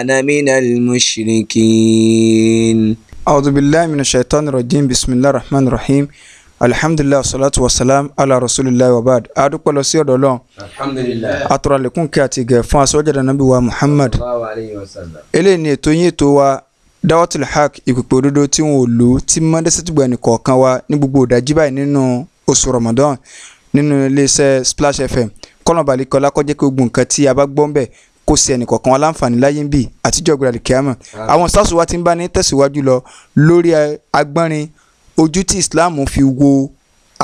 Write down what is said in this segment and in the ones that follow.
وأنا من المشركين أعوذ بالله من الشيطان الرجيم بسم الله الرحمن الرحيم alhamdulilayi salatu wasalam ala rasulilayi wa baad adúpẹ́ lọ sí ọ̀dọ̀ Ọlọ́run alhamdulilayi atọrọlẹkùn kí àti gẹ fún asọjàdà nàbí wa muhammad eléyìí ni ètò yín ètò wa dawatul haq ìpèpè òdodo tí wọn ò lò tí mọdẹsẹtìgbà nìkọ̀ọ̀kan wa ní gbogbo ìdájí báyìí nínú oṣù ramadan nínú iléeṣẹ́ splash fm kọlọmbalẹ kọlá kọjá pé gbogbo kó ṣe ẹnìkọ̀ọ̀kan aláǹfààní láyé ń bì àtijọ́ ìgbàlódé kíámà àwọn sars wa ti ń bá ní tẹ̀síwájú lọ lórí agbọ́nrin ojú tí islam fi wo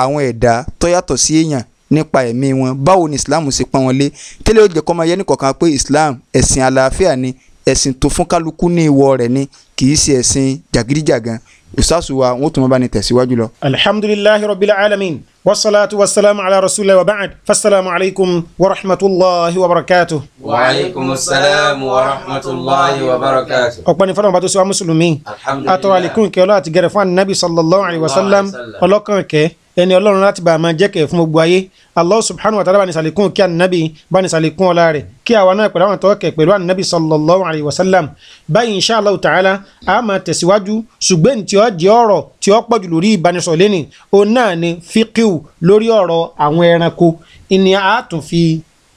àwọn ẹ̀dá tó yàtọ̀ sí èèyàn nípa ẹ̀mí wọn báwo ni islam ṣe pọ́n wọn lé tẹ́lẹ̀ ó jẹ́ kó máa yẹ nìkọ̀ọ̀kan pé islam ẹ̀sìn àlàáfíà ni ẹ̀sìn tó fún kálukú ní ìwọ rẹ̀ ni kì í ṣe ẹ̀sìn jàgídíjàgan ìsásù wa wọn tún bá ní tẹ̀síwájú lọ. alhamdulilayi rabbil alamin wasalaatu wasalaamu ala rasulillah wa ba'ad fasalaamu alaykum wa rahmatulahi wa barakatu. wa aleykum salaam wa rahmatulahi wa barakatu. ọ̀pọ̀ ní fọlọ́n bá tó sọ wa mùsùlùmí. alhamdulilayi àtọ̀rọ̀ àlékún kẹ́ ọlọ́ àti gẹ̀rẹ̀ fún anabi sallallahu alayhi wa sallam ọlọ́kàn kẹ́ ẹni ọlọ́run láti bá a máa jẹ́ kẹ̀ fún gbogbo ayé allah subhanahu wa ta'ala bá ní sàlékún kí anabi bá ní sàlékún ọlá rẹ̀ kí àwa náà pẹ̀lú àwọn tọ́kẹ̀ pẹ̀lú anabi sallallahu alayhi wa sallam báyìí insha allah ta'ala a máa tẹ̀síwájú ṣùgbọ́n tí ó jẹ́ ọ̀rọ̀ tí ó pọ̀jù lórí ìbánisọ̀rọ̀ lẹ́nì òun náà ni fíkìw lórí ọ̀rọ̀ àwọn ẹranko ìní a tún fi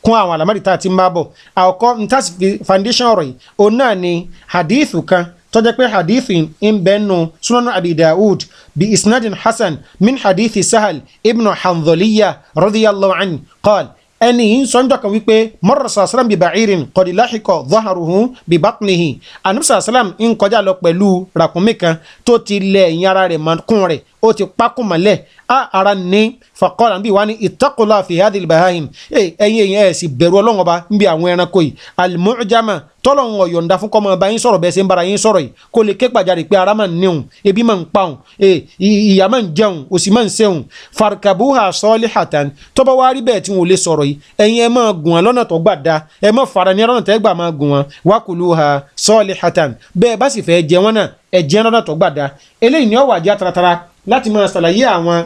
kún àwọn àlámọ́rì tá ń bá bọ̀ àkọ́kọ́ ntàsí foundation ọ̀rọ̀ yìí òun náà ni hadithu kan tọ́jẹ́ pé hadithi ń bẹ́nu sunanu abi daud bi isnadin hasan min hadithi sahal ibn hanzoliya radiyallahu anhu qal ẹni yìí ń sọ njọ́ kan wípé mọ́rọ̀ sàlám bi ba'irin qad lahiqa dhaharuhu bi batnihi anam sàlám ń kọjá lọ pẹ̀lú ràkúnmí kan tó ti lẹ̀ ẹ̀yìn ara rẹ̀ mọ́kún rẹ̀ ó ti pákùn mọ́lẹ̀ ara ní fàkọ́lá níbi ìwá ní ìtọ́kùlá fi hadhihi al-baha'im ẹ̀yìn èyàn ẹ̀ sì bẹ̀rù ọlọ́run ọba níbi àwọn ẹranko yìí al-mu'jama tọ́lọ̀hún ọ̀yọ̀ǹda fún kọ́mọ ọba yín sọ̀rọ̀ bẹ́ẹ̀ ṣe ń bara yín sọ̀rọ̀ yìí kó lè ké pàjáde pé ara máa ń níhùn ebi máa ń pahùn e, ìyá máa ń jẹun òsì máa ń sẹ́hùn farkabuha salihatan tọ́ba wá rí bẹ́ẹ̀ tí wọn lè sọ̀rọ̀ yìí ẹ̀yin ẹ máa gùn wọn lọ́nà tó gbà da ẹ máa fara ní ọ̀nà tẹ́ gbà máa gùn wọn wakuluha salihatan bẹ́ẹ̀ bá sì fẹ́ jẹ wọn náà ẹ jẹ́ lọ́nà tó gbà da eléyìí ni ó wà jẹ́ taratara láti máa ṣàlàyé àwọn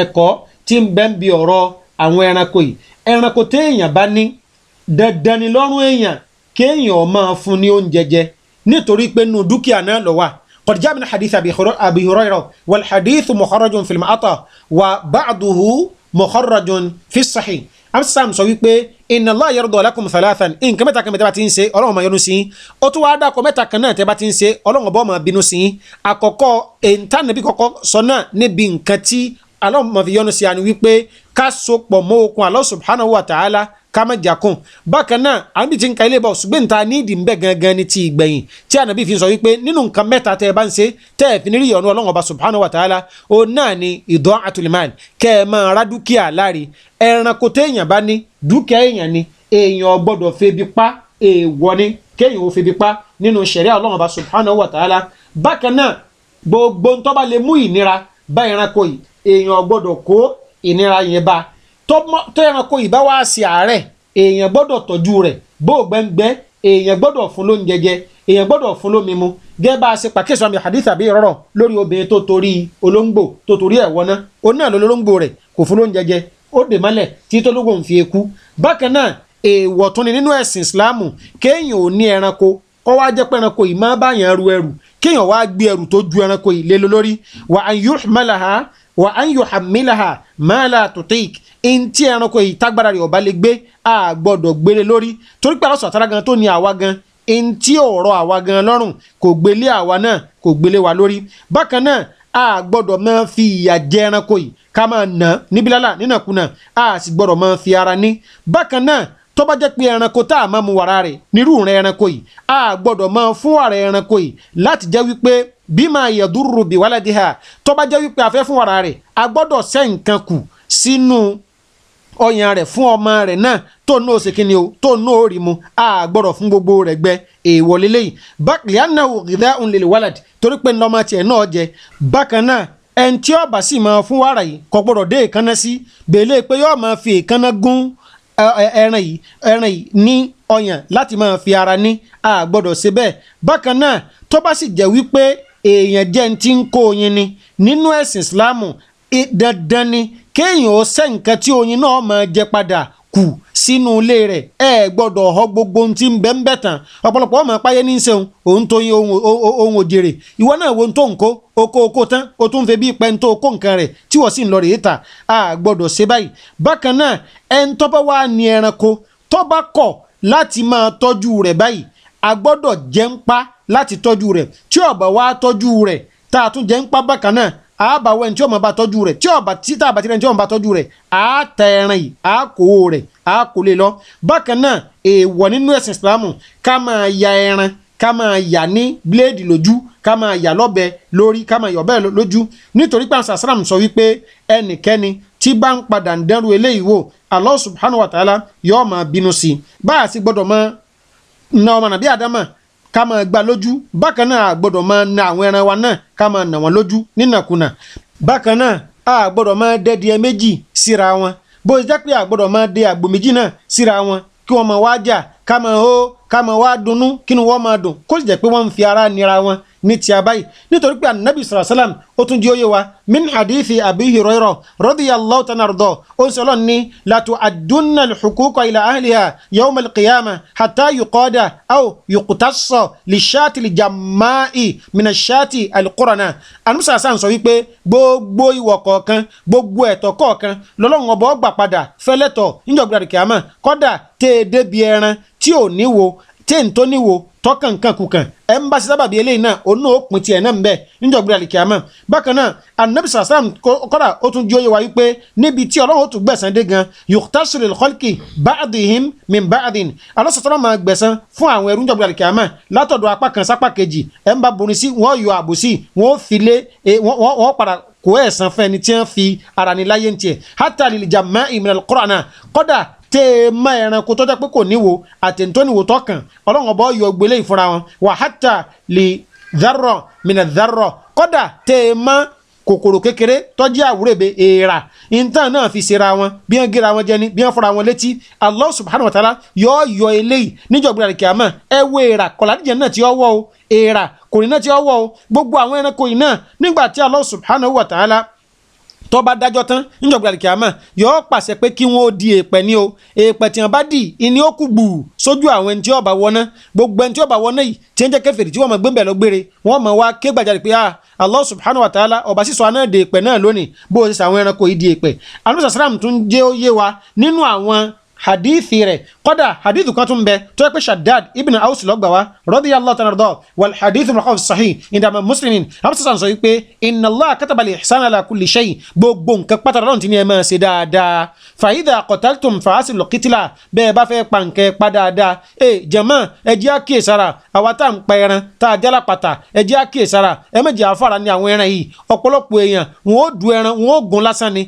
ẹ̀kọ́ tí ń bẹ ń bi ọ̀rọ̀ àwọn ẹranko yìí ẹranko téèyàn bá ní dandan ni lọ́rùn èèyàn máa fún ní oúnjẹ jẹ nítorí pé nù dúkìá náà lọ wà قد جاء من حديث أبي هريرة والحديث مخرج في المعطى وبعضه مخرج في الصحيح amsam sọ wípé inna Allah yarda lakum thalathan nǹkan mẹ́ta kan mẹ́ta bá ti ń ṣe ọlọ́run máa yọ́nú sí i ó tún wáá dàkọ mẹ́ta kan náà tẹ́ bá ti ń ṣe ọlọ́run ọba máa bínú sí i àkọ́kọ́ èntànàbí kọ́kọ́ sọ náà níbi nǹkan tí aláwọ̀mọ̀ fi yọnu sí àní wípé ká sopọ̀ mọ́ okun Allah subhanahu wa ta'ala ká má jàkùn bákan náà àbí ti ń ka ilé bọ̀ ṣùgbọ́n níta ní ìdí nbẹ gangan ni ti ìgbẹ̀yìn tí ànábì fi sọ wípé nínú nǹkan mẹ́ta tẹ́ ẹ bá ń ṣe tẹ́ ẹ fi ní rí ọ̀nà ọlọ́run ọba subhanahu wa ta'ala ó náà ni ìdán àtúlẹ̀mán kẹ́ ẹ máa ra dúkìá láre ẹranko téèyàn bá ní dúkìá èèyàn ni èèyàn gbọ́dọ̀ febi pa èèwọ̀ ni kéèyàn ò febi pa nínú ṣẹ̀ríà ọlọ́run ọba subhanahu wa ta'ala bákan náà gbogbo ntọ́ba lè mú ìnira bá ẹranko yìí èèyàn gbọ́dọ̀ kó ìnira yẹn bá tó ẹranko ìbá wá sí àárẹ̀ èèyàn gbọ́dọ̀ tọ́jú rẹ̀ bó gbẹ́ngbẹ́ èèyàn gbọ́dọ̀ fún lóúnjẹ jẹ èèyàn gbọ́dọ̀ fún lómi mu gẹ́gẹ́ bá a ṣe pàkíyèsí àmì hadith àbí rọrọ̀ lórí obìnrin tó torí olóńgbò tó torí ẹ̀ wọná òun náà lolóńgbò rẹ̀ kò fún lóúnjẹ jẹ ó dè mọ́lẹ̀ tí tó lóògùn fi eku bákan náà èèwọ̀ tún ni nínú ẹ̀sìn Islam kéèyàn ò ní ẹranko kọ́ wá jẹ́ pé ẹranko yìí máa báyàn ru ẹrù kéèyàn wá gbé ẹrù tó ju ẹranko yìí lé lórí wà á yóò wà á ń yọ hàmílàhà mọ́lá tòtẹ́ìk in tí ẹranko yìí tágbára rẹ̀ ọ̀bá lè gbé a gbọ́dọ̀ gbélé lórí torí pé aláṣọ àtàrà gan tó ní àwa gan in tí ọ̀rọ̀ àwa gan lọ́rùn kò gbélé àwa náà kò gbélé wa lórí bákan náà a gbọ́dọ̀ máa fi ìyà jẹ ẹranko yìí ká máa nà níbi nínàkúnà a sì gbọ́dọ̀ máa fi ara ní bákan náà tó bá jẹ́ pé ẹranko tá a máa mu wàrà rẹ̀ nírú rẹ̀ ẹranko yìí a gbọ́dọ̀ máa fún wàrà ẹranko yìí láti jẹ́ wípé bima yadurru bi waladiha tó bá jẹ́ wípé a fẹ́ fún wàrà rẹ̀ a gbọ́dọ̀ ṣẹ́ nǹkan kù sínú ọyàn rẹ̀ fún ọmọ rẹ̀ náà tó ní òsè kínní o tó ní òórì mu a gbọ́dọ̀ fún gbogbo rẹ̀ gbẹ èèwọ̀ lélẹ́yìn bákìlì anáwó ghidha'un lil walad torí pé ọmọ tiẹ̀ náà jẹ bákan náà ẹni tí ọba sì máa fún wàrà yìí kò gbọ́dọ̀ dé èékánná sí bèlè pé yóò máa fi èékánná gún ẹran yìí ẹran yìí ní ọyàn láti máa fi ara ní a gbọ́dọ̀ ṣe bẹ́ẹ̀ bákan náà tó bá sì jẹ́ wípé èèyàn jẹ́ ń ti ń kó oyin ni nínú ẹ̀sìn ìsìláàmù dandan ni kéèyàn ó ṣe nǹkan tí oyin náà máa jẹ padà kù sínú ilé rẹ̀ ẹ gbọ́dọ̀ ọ̀họ́ gbogbo ohun tí ń bẹ́ ń bẹ̀ tán ọmọ apáyé ní í òun tó yin ohun òjèrè ìwọ náà wo tó oko oko tán o tún ń bí pẹ́ ń nǹkan rẹ̀ tí sì ń ta a gbọ́dọ̀ ṣe báyìí bákan náà ẹni tó bá wà ní ẹranko tó bá kọ̀ láti máa tọ́jú báyìí a jẹ́ àbàwẹ̀ tí ọmọ bá tọ́jú rẹ̀ tí ọba títà àbàtí rẹ̀ tí ọmọ bá tọ́jú rẹ̀ á ta ẹran yìí á kó rẹ̀ á kó lè lọ. bákan náà èèwọ̀ nínú ẹ̀sìn ìsìlámù ká máa ya ẹran ká máa yà ní bíléèdì lójú ká máa yà lọ́bẹ lórí ká máa yọ̀ bẹ́ẹ̀ lójú nítorí pé àṣàṣàràm sọ wípé ẹnikẹ́ni tí bá ń padà ń dẹ́rù eléyìí wò Allah subhanahu wa ta'ala yóò máa bínú sí i báà sì gbọ́dọ̀ máa ká máa gbá lójú bákan náà a gbọ́dọ̀ máa na àwọn ẹran wa náà ká máa nà wọ́n lójú nínàkunà bákan náà a gbọ́dọ̀ máa dẹ́dí ẹ méjì síra wọn bó ṣe jẹ́ pé a gbọ́dọ̀ máa dé àgbò méjì náà síra wọn kí wọ́n máa wá jà ká máa hó ká máa wá dunnú kí ni wọ́n máa dùn kó sì jẹ́ pé wọ́n ń fi ara nira wọn ní ti abáyì nítorí pé anabi sallallahu alaihi wasallam ó tún di óyè wa min hadithi abihi rọ́rọ́ radiyallahu tanardọ́ ó ń sọlọ́ ní latu adunna hukuka ila ahliha yawm alqiyama hatta yuqada aw yuqtassa li shati li jamma'i min shati alqurana anamusa hasan sọ wípé gbogbo ìwọ̀ kọ̀ọ̀kan gbogbo ẹ̀tọ́ kọ̀ọ̀kan lọ́lọ́run ọba ọgbà padà fẹ́lẹ́tọ̀ níjọ̀gbọ̀dàdìkìámà kọ́dà tẹ́ ẹ débi ẹran tí ò níwo tí n tó níwò tọkànkan kùkàn ẹ ń bá sísábà bíi eléyìí náà òun náà ó pin tiẹ̀ náà ń bẹ níjọ̀gbìn àlìkíyàmá bákan náà anabi sàlám kọ́dà ó tún jóye wa wípé níbi tí ọlọ́run ó tún gbẹ̀sán dé gan yòókùtàṣìrì kọ́lìkì báàdìhìn mi báàdìn alọ́sọ̀tọ́rọ̀ máa gbẹ̀sán fún àwọn ẹrú níjọ̀gbìn àlìkíyàmá látọ̀dọ̀ apá kan sápá kejì ẹ ń bá borin sí wọ́n yọ àbòsí wọ́n fi lé e, wọ́n padà kó ẹ̀san fẹ́ni tí wọ́n fi ara ní láyé ń tiẹ̀ hátàlì lìjà má ìmìnira kọ́ra náà kọ́dà tẹ ẹ má ẹranko tó jẹ́ pé kò níwo àtẹ̀ntóniwò tọkàn ọlọ́run ọba yọ gbélé ìfúnra wọn wàhátà lè dárọ̀ mìnà dárọ̀ kọ́dà tẹ ẹ má kòkòrò kékeré tọ́jú àwúrẹ́bẹ èèrà nǹkan náà fi ṣera wọn bí wọ́n gíra wọn jẹni bí wọ́n fọra wọn létí Allah subhanahu wa ta'ala yọ yọ eléyìí níjọba àríkè àmọ́ ẹ wo èèrà kọ̀ládìjẹ náà ti ọwọ́ o èèrà kòrìn náà ti ọwọ́ o gbogbo àwọn ẹranko yìí náà nígbà tí Allah subhanahu wa ta'ala tó bá dájọ́ tán níjọba kìámà yọọ pàṣẹ pé kí wọn ó di èèpẹ̀ ni o èèpẹ̀ tí wọn bá dì ìní ó kù gbùù sójú àwọn ẹni tí yọọ bá wọná gbogbo ẹni tí yọọ bá wọná yìí tí ń jẹ́ kèfèrí tí wọ́n mọ̀ gbẹ́mbẹ̀ lọ gbére wọ́n mọ̀ wá ké gbàjarè pé Allah subhanahu wa ta'ala ọba sísọ aná de èèpẹ̀ náà lónìí bó o ṣe sàwọn ẹranko yìí di èèpẹ̀ anusa sàrám tún jẹ́ ó yé wa nínú àwọn hadithi rẹ̀ kọ́dà hadith kan tún bẹ tó yẹ pé shaddad ibn aus lọ́gbà wa radiyallahu ta'ala rọ́dọ̀ wal hadith mọ̀kọ́ sahih indama muslimin hamsasan sọ wípé inna allah kataba li ihsan ala kulli shay gbogbo nǹkan pátá lọ́rùn tí ni ẹ máa ṣe dáadáa fa idha qataltum fàásì lọ́kítìlà bẹ́ẹ̀ bá fẹ́ pa pa dáadáa ẹ jẹ̀mọ́ ẹ jẹ́ àkíyèsára àwa tá à ń pa ẹran tá a jálá pàtà ẹ jẹ́ àkíyèsára ẹ mẹ́jẹ̀ àfàrà ni àwọn ẹran yìí ọ̀pọ̀lọpọ̀ èèyàn wọn ò du ẹran wọn ò gun lásán ni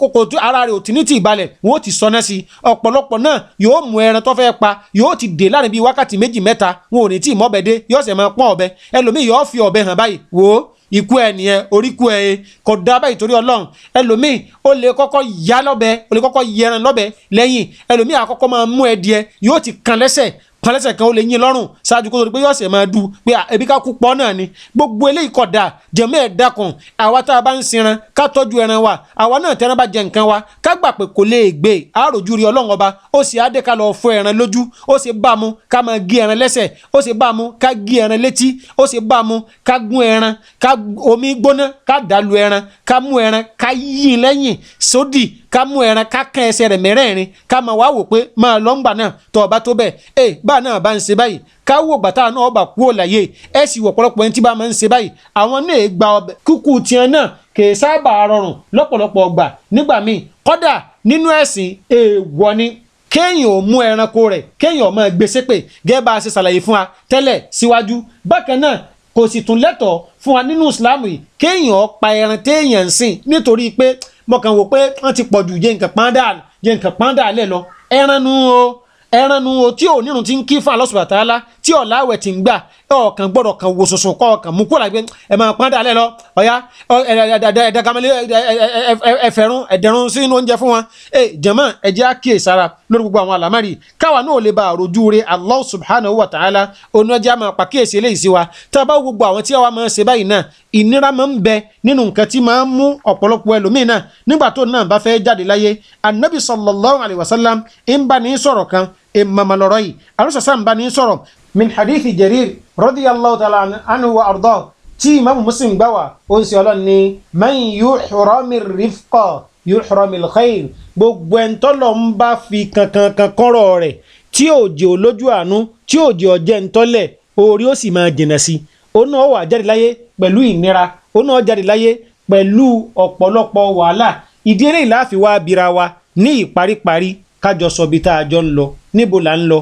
kòkòtò ara rẹ̀ ò tí ní tì balẹ̀ wọn ò ti sọ náà sí ọ̀pọ̀lọpọ̀ náà yóò yóò mú ẹran tó fẹ́ pa yóò ti dè láàrin bíi wákàtí méjì mẹ́ta wọn ò ní tí ì mọ́bẹ dé yóò sì máa pọ́n ọ̀bẹ ẹlòmíì yóò fi ọ̀bẹ hàn báyìí wò ó ikú ẹ nìyẹn oríkú ẹ ẹ e, kò dá báyìí torí Ọlọ́run ẹlòmíì ó lè kọ́kọ́ yá lọ́bẹ ó lè kọ́kọ́ yẹran lọ́bẹ lẹ́yìn ẹlòmíì àkọ́kọ́ máa mú ẹ díẹ̀ yóò ti kan lẹ́sẹ̀ kọlẹ́sẹ̀ kan ó lè yín lọ́rùn ṣáájú kó tó di pé yọ̀ọ̀sẹ̀ máa du pé ebi ká kú pọ́ náà ni gbogbo eléyìí da jẹ̀mọ́ ẹ̀ dákun àwa tá a bá ń sinran ká tọ́jú ẹran wa àwa náà tẹ́ran bá jẹ nǹkan wa ká gbà pé kò lè gbé àròjù rí ọlọ́run ọba ó sì adé ká lọ fọ ẹran lójú ó sì bá mu ká máa gé ẹran lẹ́sẹ̀ ó sì bá mu ká gé ẹran létí ó sì bá mu ká gún ẹran ká omi gbóná ká dàlú ẹran ká mú ẹran ká yí lẹ́yìn sódì ká mú ẹran ká kán ẹsẹ̀ rẹ̀ mẹ́rẹ̀ẹ̀rin ká máa wá wò pé máa lọ́ngbà náà tọ́ ọba tó bẹ́ẹ̀ bá náà bá ń ṣe báyìí káwọ gbàtà náà ọba kú òlàyé ẹ sì wọ pọ̀lọpọ̀ ẹni tí bá máa ń ṣe báyìí àwọn náà gba kúkú tiẹ̀ náà kìí sábà rọrùn lọ́pọ̀lọpọ̀ ọgbà nígbà míì kódà nínú ẹ̀sìn èèwọ̀ ni kéèyàn ò mú ẹranko rẹ̀ kéèyàn ò máa gbé ṣépè e gẹ́gẹ́ bá a ṣe ṣàlàyé fún wa tẹ́lẹ̀ síwájú bákan náà kò sì tún lẹ́tọ̀ọ́ fún wa nínú ìsìláàmù yìí kéèyàn pa ẹran téèyàn ń sìn nítorí pé mo kàn pé wọ́n ti pọ̀jù jẹ́ nǹkan pàǹdà jẹ́ nǹkan pàǹdà lẹ̀ lọ ẹran nu o ẹranu o tí ò nírun ti ń kí fún alọ́sùn bàtà la tí ọ̀la àwẹ̀ ti ń gbà ọ̀kan gbọ́dọ̀ kan wo soso kọ́ ọ̀kan mú kúrò àgbẹ̀ ẹ̀ máa pọ́n dalẹ̀ lọ ọ̀ya ẹ̀dàgàmẹ́lẹ́ ẹ̀fẹ̀rún ẹ̀dẹ̀rún sínú oúnjẹ fún wọn ẹ̀ jẹ̀mọ́ ẹ̀jẹ̀ àkíyè sára lórí gbogbo àwọn àlámárì káwa náà lè ba àròjú re Allah subhanahu wa ta'ala onú ẹjẹ́ àmọ́ pàkíyèsí eléyìí sí wa tá a bá gbogbo àwọn tí wàá ìnira máa ń bẹ nínú nǹkan tí máa ń mú ọ̀pọ̀lọpọ̀ ẹlòmíín náà nígbà tó náà bá fẹ́ jáde láyé anabi sallallahu alayhi wa sallam ń bá ní sọ̀rọ̀ kan ìmàmà lọ́rọ̀ yìí arúgbó sàn bá ní sọ̀rọ̀ min hadithi jarir radiyallahu ta'ala anhu wa arda tí imaamu muslim gbà wá ó ń sọ ọlọ́run ní man yuhrami rifqa yuhrami lkhayr gbogbo ẹ̀ńtọ́lọ̀ ń bá fi kankan kọ́rọ̀ rẹ̀ tí òjò òun náà wà jáde láyé pẹ̀lú ìnira òun náà jáde láyé pẹ̀lú ọ̀pọ̀lọpọ̀ wàhálà ìdí eléyìí la fi wá bira wa ní ìparíparí kájọ sọ bí tá a jọ ń lọ níbo là ń lọ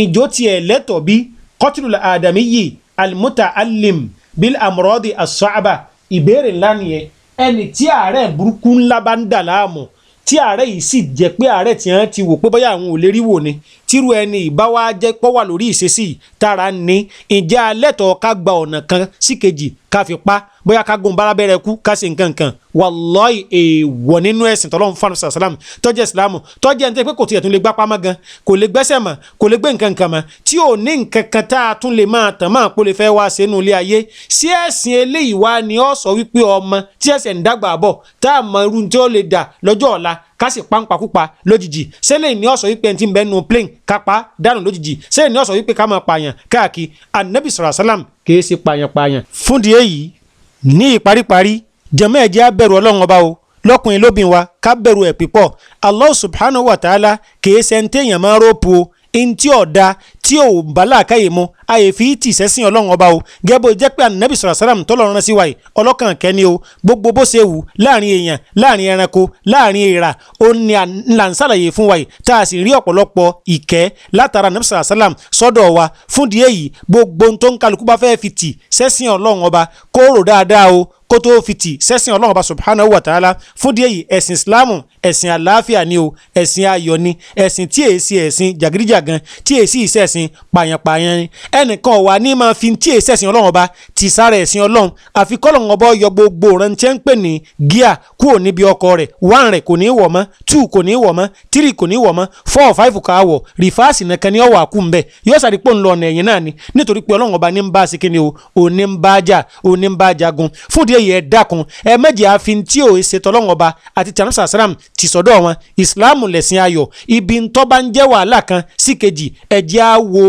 ìjó tiẹ̀ lẹ́tọ̀ bí kọ́tùlù àdàmí yìí alimuta alim bil amurọ́dì asọ́àbà ìbéèrè ńlá nìyẹn ẹni tí àárẹ̀ burúkú ńlá bá ń dà láàmú tí ààrẹ yìí sì jẹ́ pé ààrẹ tí wọ́n ti wò pé bóyá àwọn ò lè rí wò ni tírú ẹni ìbáwá jẹ́ pọ́ wà lórí ìṣesí tára ní ìjẹ́ alẹ́tọ̀ọ́ ká gba ọ̀nà kan síkejì ká fi pa bóyá ká gun bára bẹ̀rẹ̀ kú ká ṣe nǹkan kan wàlọ́ọ̀ì èèwọ̀ nínú ẹ̀sìn tọ́lọ́run fún àlùsà sàlámù tọ́jẹ́ ìsìlámù tọ́jẹ́ ní pé kò tiẹ̀ tún lè gbá pamọ́ gan kò lè gbẹ́sẹ̀ mọ́ kò lè gbé nǹkan kan mọ́ tí ò ní nǹkan kan tá a tún lè máa tàn máa kó lè fẹ́ wá sínú ilé ayé sí ẹ̀sìn eléyìí wá ni ó sọ wípé ọmọ tí ẹ̀sẹ̀ ń dàgbà bọ̀ tá a mọ irú tí ó lè dà lọ́jọ́ ọ̀la kásì pánpakúpa lójijì sẹ́lẹ̀ ní ọ̀sọ̀ wípé ẹni tí ń bẹ́nu plane kápá dànù lójijì sẹ́lẹ̀ ní ọ̀sọ̀ wípé ká máa pààyàn káàkiri anabi sọ̀rọ̀ sálàm kì í ṣe pààyàn pààyàn fúndìí èyí ní ìparíparí jẹ̀mọ́ ẹ̀jẹ̀ á bẹ̀rù ọlọ́run ọba o lọ́kùnrin lóbìn wa ká bẹ̀rù ẹ̀ pípọ̀ Allah subhanahu wa ta'ala kì í ṣe ń téèyàn máa róòpù o ntí ọ̀dà tí ò bá làákàyè mu àyèfi tì sẹ́sìn ọlọ́run ọba o gẹ́gbó jẹ́ pé ànábì sọ̀rọ̀ sálàm tọ́lọ́run rán sí wa yìí ọlọ́kàn kẹ́ni o gbogbo bó ṣe wù láàrin èèyàn láàrin ẹranko láàrin èèrà ó ní là ń sàlàyé fún wa yìí tá a sì rí ọ̀pọ̀lọpọ̀ ìkẹ́ látara ànábì sọ̀rọ̀ sálàm sọ́dọ̀ wa fún díẹ̀ yìí gbogbo ohun tó ń kálukú bá fẹ́ fi tì sẹ́sìn ọlọ́run ọba kó dáadáa o kó tó fi tì sẹ́sìn ọlọ́run ọba subhanahu wa ta'ala fún díẹ̀ yìí ẹ̀sìn islamu ẹ̀sìn àlàáfíà ni o ẹ̀sìn ayọ̀ ni ẹ̀sìn tí èsì ẹ̀sìn jàgídíjàgan tí èsì ìsẹ̀sìn pààyàn-pààyàn ni ẹnìkan wà ní máa fi tí èsì ẹ̀sìn ọlọ́run ọba ti sára ẹ̀sìn ọlọ́run àfi kọ́lọ́run ọba yọ gbogbo rántí ń pè ní gíà kúrò níbi ọkọ rẹ̀ one rẹ̀ kò ní wọ̀ mọ́ two kò ní wọ̀ mọ́ three kò ní wọ̀ mọ́ four five kà wọ̀ rìfáàsì nìkan ni ọ̀wọ̀ àkú ń bẹ̀ yóò sàrí pò ń lọ ọ̀nà ẹ̀yìn náà ni nítorí pé ọlọ́run ọba ní ń bá a sí kíni o ò ní ń bá a jà ò ní ń bá a jagun fún díẹ̀ yìí ẹ dákun ẹ méjì àfin tí ò ṣe tọlọ́run ọba àti tìyànú sàsàràm ti sọ̀dọ̀ wọn ìsìláàmù lẹ̀sìn ayọ̀ ibi ntọ́ bá ń jẹ́ wàhálà kan sí ẹ̀jẹ̀ á wo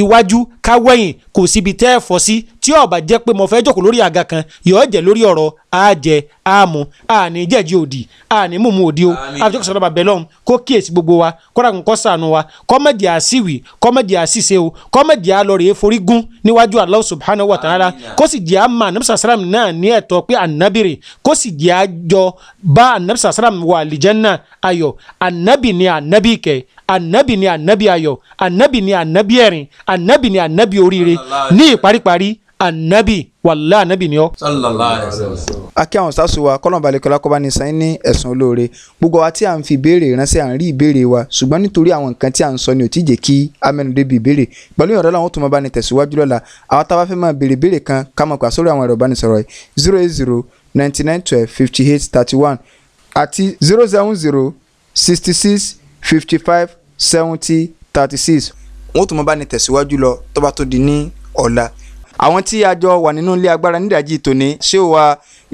iwájú káwẹ́yìn kò síbi tẹ́ ẹ̀ fọ́ sí tí ó bá jẹ́ pé mo fẹ́ jókòó lórí àga kan yóò jẹ́ lórí ọ̀rọ̀ àjẹ àmú àní jẹ̀jì òdì àní mùmú òdì o àbíjọ́ sọ̀rọ̀ bàbá lọ́hùn kó kíyèsí gbogbo wa kóra kó ṣàánú wa kọ́mẹ̀dì àṣìwì kọ́mẹ̀dì àṣìṣe o kọ́mẹ̀dì àlọ́rẹ̀ èforí gún níwájú Allah subhanahu wa ta'ala kó sì jẹ́ àmà anabisa salam náà ní ẹ̀tọ́ pé anabire kó sì jẹ́ àjọ bá anabisa salam wà àlìjẹ́nà ayọ̀ anabi ni anabi kẹ anabi ni anabi ayọ̀ anabi ni anabi ẹ̀rìn ànábì oríire ní ìparíparí anabi wàlá anabi ni ọ. akí àwọn sásù wa kọ́nà balẹ̀kọ́lá kọ́ba ní sàn ní ẹ̀sùn olóore gbogbo wa tí à ń fi ìbéèrè ránṣẹ́ à ń rí ìbéèrè wa ṣùgbọ́n nítorí àwọn nǹkan tí à ń sọ ni ò tí jẹ́ kí amẹnudé bi ìbéèrè pẹ̀lú ìrọ̀lẹ́ àwọn tó máa bá ní tẹ̀síwájú lọ́la àwọn tá a bá fẹ́ máa béèrè béèrè kan ká máa pa sórí àwọn ẹ̀rọ ìbánisọ̀rọ̀ zero zero ninety nine twelve fifty eight thirty one àti zero seven zero sixty six fifty five seventy thirty six wọn ó tún mọ bá ní tẹ̀síwájú lọ tó bá tó di ní ọ̀la àwọn tí a jọ wà nínú ilé agbára nídàájí tòní ṣé wa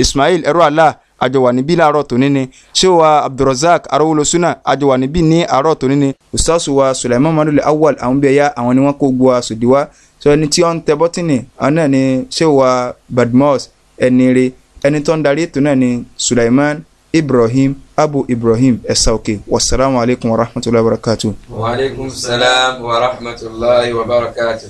Ismail ẹrọ àlà àjọ wà níbí láàárọ̀ tòní ni ṣé wa Abdulrasaq arówólosúnà àjọ wà níbí ní àárọ̀ tòní ni ustaasu wa Sulaiman madule awal àwọn bí ẹyà àwọn ni wọn kó gbọ àsòdì wa sọ ẹni tí wọn ń tẹ bọ́tìnì àwọn náà ni ṣé wa Badmus ẹni ẹni tó ń darí ètò náà ni Sulaiman ibrahim abu ibrahim ẹ̀sàòkè wasalaamualeykum wa rahmatulahi wa barakatu. wa aleykum salaam wa rahmatulahi wa barakatu.